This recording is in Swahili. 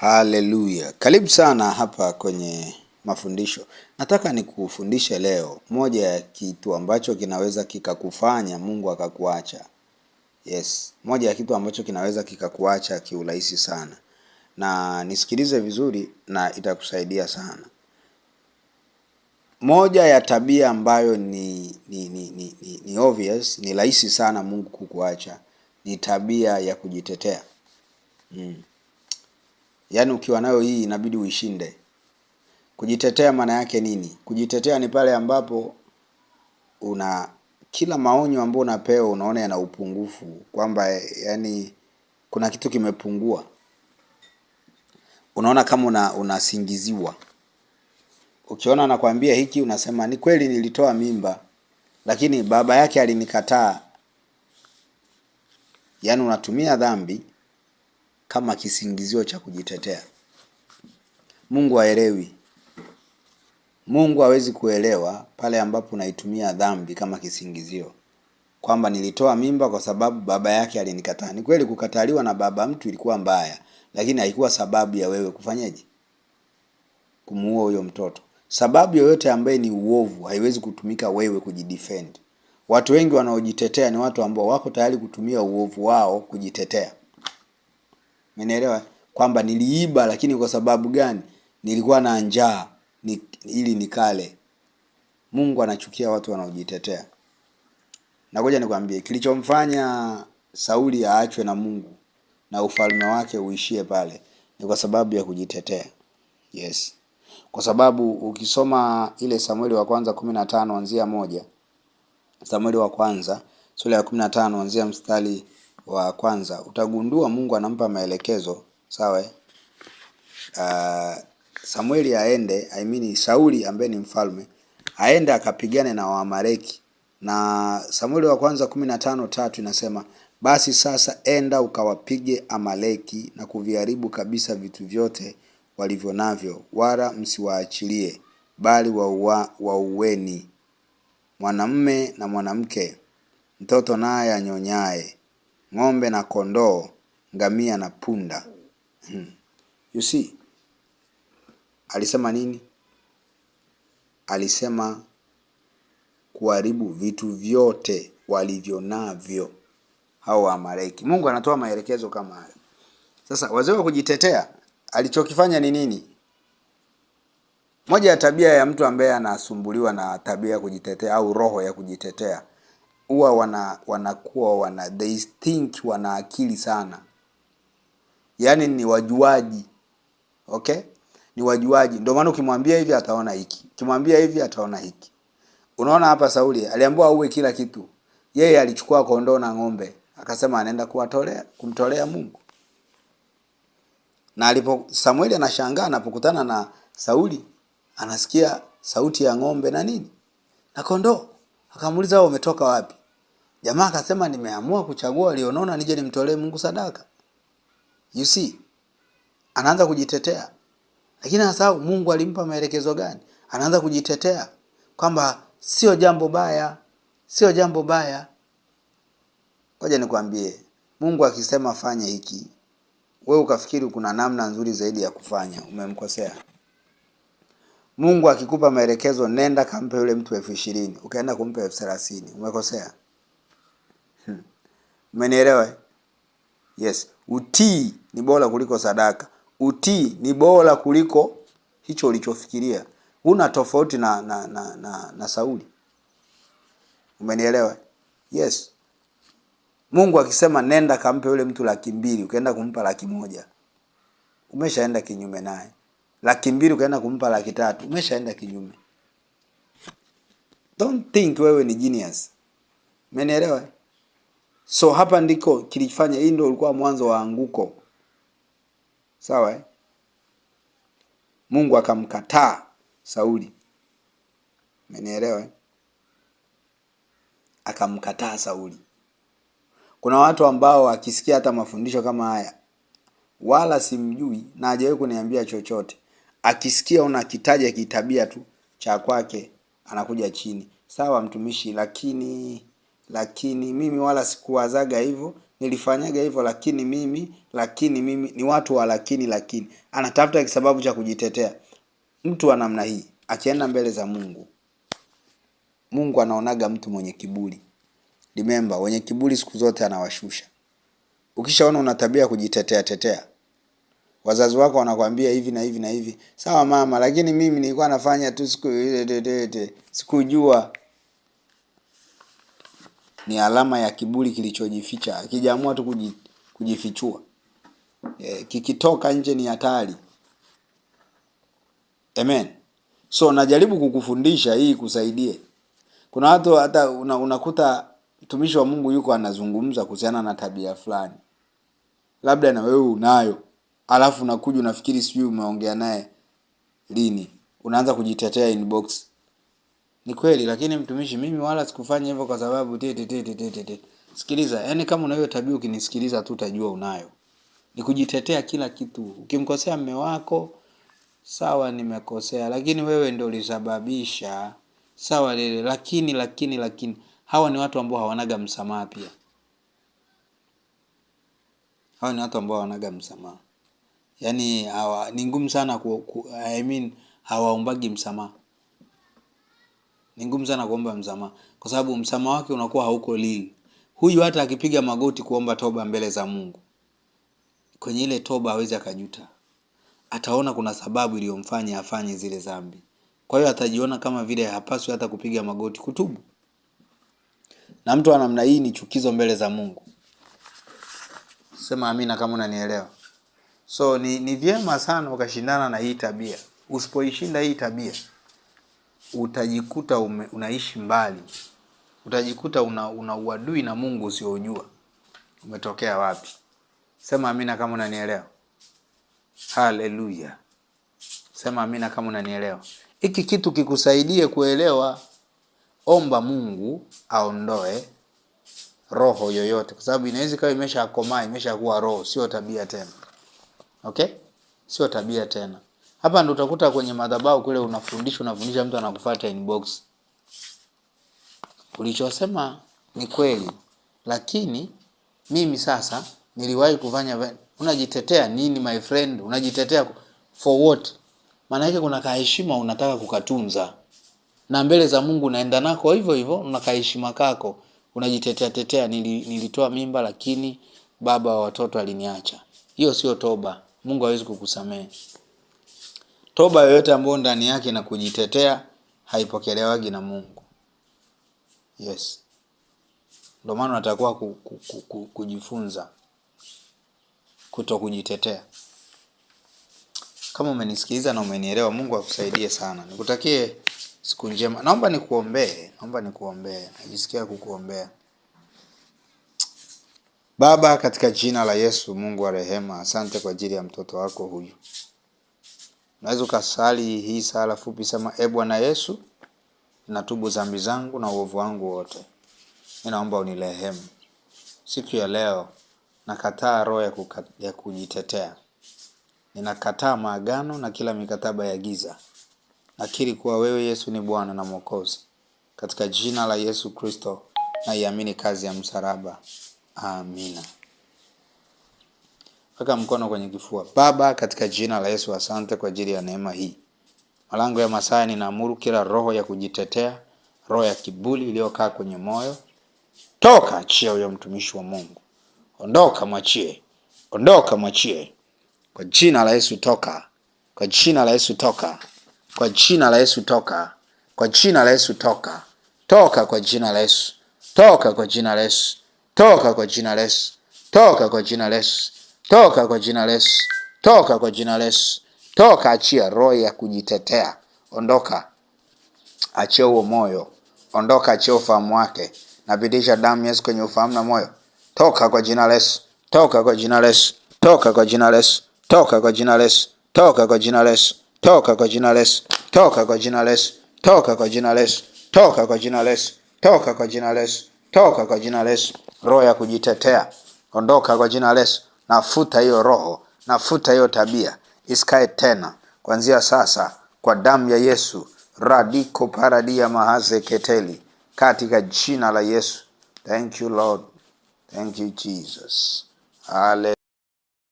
Haleluya! Karibu sana hapa kwenye mafundisho. Nataka nikufundishe leo moja ya kitu ambacho kinaweza kikakufanya Mungu akakuacha. Yes, moja ya kitu ambacho kinaweza kikakuacha kiurahisi sana, na nisikilize vizuri na itakusaidia sana. Moja ya tabia ambayo ni ni ni, ni, ni, ni obvious, ni rahisi sana Mungu kukuacha ni tabia ya kujitetea mm yaani ukiwa nayo hii inabidi uishinde. Kujitetea maana yake nini? Kujitetea ni pale ambapo una kila maonyo ambayo unapewa unaona yana upungufu, kwamba yani kuna kitu kimepungua, unaona kama una, unasingiziwa. Ukiona anakwambia hiki, unasema ni kweli, nilitoa mimba lakini baba yake alinikataa. Yaani unatumia dhambi kama kisingizio cha kujitetea. Mungu haelewi. Mungu hawezi kuelewa pale ambapo unaitumia dhambi kama kisingizio kwamba nilitoa mimba kwa sababu baba yake alinikataa. Ni kweli kukataliwa na baba mtu ilikuwa mbaya, lakini haikuwa sababu ya wewe kufanyaje kumuua huyo mtoto. Sababu yoyote ambaye ni uovu haiwezi kutumika wewe kujidefend. Watu wengi wanaojitetea ni watu ambao wako tayari kutumia uovu wao kujitetea. Umeelewa? Kwamba niliiba lakini kwa sababu gani? Nilikuwa na njaa ni, ili nikale. Mungu anachukia watu wanaojitetea. Na ngoja nikwambie kilichomfanya Sauli aachwe na Mungu na ufalme wake uishie pale ni kwa sababu ya kujitetea. Yes. Kwa sababu ukisoma ile Samueli wa kwanza kumi na tano anzia moja Samueli wa kwanza sura ya kumi na tano anzia mstari wa kwanza utagundua Mungu anampa maelekezo sawa. Uh, Samueli aende I mean Sauli ambaye ni mfalme aende akapigane na Waamaleki, na Samueli wa kwanza kumi na tano tatu inasema basi sasa enda ukawapige Amaleki na kuviharibu kabisa vitu vyote walivyo navyo, wala msiwaachilie, bali wauweni, mwanamme na mwanamke, mtoto naye anyonyaye ng'ombe na kondoo, ngamia na punda. Hmm. You see? Alisema nini? Alisema kuharibu vitu vyote walivyo navyo hao Waamaleki. Mungu anatoa maelekezo kama hayo. Sasa wazee wa kujitetea alichokifanya ni nini? Moja ya tabia ya mtu ambaye anasumbuliwa na tabia ya kujitetea au roho ya kujitetea huwa wana wanakuwa wana they think wana akili sana, yaani ni wajuaji okay, ni wajuaji. Ndio maana ukimwambia hivi ataona hiki, ukimwambia hivi ataona hiki. Unaona hapa Sauli aliambiwa auwe kila kitu, yeye alichukua kondoo na ng'ombe akasema anaenda kuwatolea kumtolea Mungu. Na alipo Samueli anashangaa anapokutana na Sauli, anasikia sauti ya ng'ombe na nini na kondoo, akamuuliza wao umetoka wapi? Jamaa akasema nimeamua kuchagua alionona nije nimtolee Mungu sadaka. You see? Anaanza kujitetea. Lakini anasahau Mungu alimpa maelekezo gani? Anaanza kujitetea kwamba sio jambo baya, sio jambo baya. Ngoja nikwambie, Mungu akisema fanye hiki, we ukafikiri kuna namna nzuri zaidi ya kufanya, umemkosea. Mungu akikupa maelekezo, nenda kampe yule mtu elfu ishirini, ukaenda kumpa elfu thelathini, umekosea. Umenielewa? Yes, utii ni bora kuliko sadaka. Utii ni bora kuliko hicho ulichofikiria. una tofauti na na na, na, na Sauli. Umenielewa? Yes. Mungu akisema nenda kampe yule mtu laki mbili, ukaenda kumpa laki moja, umeshaenda kinyume naye. Laki mbili ukaenda kumpa laki tatu, umeshaenda kinyume. Don't think wewe ni genius. Umenielewa? So hapa ndiko kilifanya, hii ndio ulikuwa mwanzo wa anguko, sawa eh? Mungu akamkataa Sauli, umenielewa eh? Akamkataa Sauli. Kuna watu ambao wakisikia hata mafundisho kama haya, wala simjui na hajawahi kuniambia chochote, akisikia unakitaja kitabia tu cha kwake anakuja chini, sawa mtumishi, lakini lakini mimi wala sikuwazaga hivyo, nilifanyaga hivyo lakini mimi, lakini mimi ni watu wa lakini, lakini anatafuta kisababu cha kujitetea. Mtu wa namna hii akienda mbele za Mungu, Mungu anaonaga mtu mwenye kiburi. Remember, wenye kiburi siku zote anawashusha. Ukishaona una tabia kujitetea tetea, wazazi wako wanakwambia hivi na hivi na hivi, sawa mama, lakini mimi nilikuwa nafanya tu siku sikujua ni alama ya kiburi kilichojificha, akijaamua tu kujifichua. E, kikitoka nje ni hatari. Amen. So najaribu kukufundisha hii kusaidie. Kuna watu hata una, unakuta mtumishi wa Mungu yuko anazungumza kuhusiana na tabia fulani, labda na wewe unayo, alafu unakuja unafikiri sijui umeongea naye lini, unaanza kujitetea inbox ni kweli, lakini mtumishi, mimi wala sikufanya hivyo kwa sababu tete tete tete Sikiliza, yani kama hiyo tabia ukinisikiliza tu utajua unayo. Ni kujitetea kila kitu. Ukimkosea mme wako, sawa nimekosea, lakini wewe ndio ulisababisha. Sawa lele, lakini lakini lakini hawa ni watu ambao hawanaga msamaha pia. Hawa ni watu ambao hawanaga msamaha. Yaani hawa ni ngumu sana ku, ku, I mean hawaombagi msamaha ni ngumu sana kuomba msamaha, kwa sababu msamaha wake unakuwa hauko lili. Huyu hata akipiga magoti kuomba toba mbele za Mungu, kwenye ile toba hawezi akajuta, ataona kuna sababu iliyomfanya afanye zile dhambi. Kwa hiyo atajiona kama vile hapaswi hata kupiga magoti kutubu, na mtu wa namna hii ni chukizo mbele za Mungu. Sema amina kama unanielewa. So ni, ni vyema sana ukashindana na hii tabia. Usipoishinda hii tabia utajikuta ume, unaishi mbali, utajikuta una, una uadui na Mungu usiojua umetokea wapi. Sema amina kama unanielewa. Haleluya, sema amina kama unanielewa. Hiki kitu kikusaidie kuelewa, omba Mungu aondoe roho yoyote, kwa sababu inaweza ikawa imeshakomaa, imeshakuwa roho, sio tabia tena. Okay, sio tabia tena. Hapa ndo utakuta kwenye madhabahu kule unafundisha unafundisha mtu anakufuata inbox. Ulichosema ni kweli. Lakini mimi sasa niliwahi kufanya unajitetea nini my friend? Unajitetea for what? Maana yake kuna kaheshima unataka kukatunza. Na mbele za Mungu naenda nako hivyo hivyo una kaheshima kako. Unajitetea tetea nili, nilitoa mimba lakini baba wa watoto aliniacha. Hiyo sio toba. Mungu hawezi kukusamehe toba yoyote ambayo ndani yake na kujitetea haipokelewaji na Mungu. Yes, ndio maana natakuwa ku, ku, ku, ku, kujifunza kuto kujitetea. Kama umenisikiliza na umenielewa, Mungu akusaidie sana. Nikutakie siku njema. Naomba nikuombee, naomba nikuombee, najisikia kukuombea. Baba, katika jina la Yesu, Mungu wa rehema, asante kwa ajili ya mtoto wako huyu. Unaweza ukasali hii sala fupi, sema: E Bwana Yesu, natubu dhambi zangu na uovu wangu wote, ninaomba unirehemu. Siku ya leo nakataa roho ya, ya kujitetea. Ninakataa maagano na kila mikataba ya giza. Nakiri kuwa wewe Yesu ni Bwana na Mwokozi. Katika jina la Yesu Kristo naiamini kazi ya msalaba. Amina. Weka mkono kwenye kifua. Baba, katika jina la Yesu, asante kwa ajili ya neema hii. Malango ya Masaya, ninaamuru kila roho ya kujitetea, roho ya kibuli iliyokaa kwenye moyo, toka, achia huyo mtumishi wa Mungu. Ondoka, mwachie. Ondoka, mwachie. Kwa jina la Yesu toka. Kwa jina la Yesu toka. Kwa jina la Yesu toka. Kwa jina la Yesu toka. Toka kwa jina la Yesu. Toka kwa jina la Yesu. Toka kwa jina la Yesu. Toka kwa jina la Yesu. Toka kwa jina la Yesu, toka kwa jina la Yesu, toka. Achia roho ya kujitetea, ondoka. Achia huo moyo, ondoka. Achia ufahamu wake, napitisha damu Yesu kwenye ufahamu na moyo. Toka kwa jina la Yesu, toka kwa jina la Yesu, toka kwa jina la Yesu, toka kwa jina la Yesu, toka kwa jina la Yesu, toka kwa jina la Yesu, toka kwa jina la Yesu, toka kwa jina la Yesu, toka kwa jina la Yesu, toka kwa jina la Yesu, toka kwa jina la Yesu. Roho ya kujitetea, ondoka kwa jina la Yesu. Nafuta hiyo roho, nafuta hiyo tabia, isikae tena kuanzia sasa, kwa damu ya Yesu radiko paradia mahaze keteli, katika jina la Yesu. Thank you Lord, thank you Jesus. Hallelujah.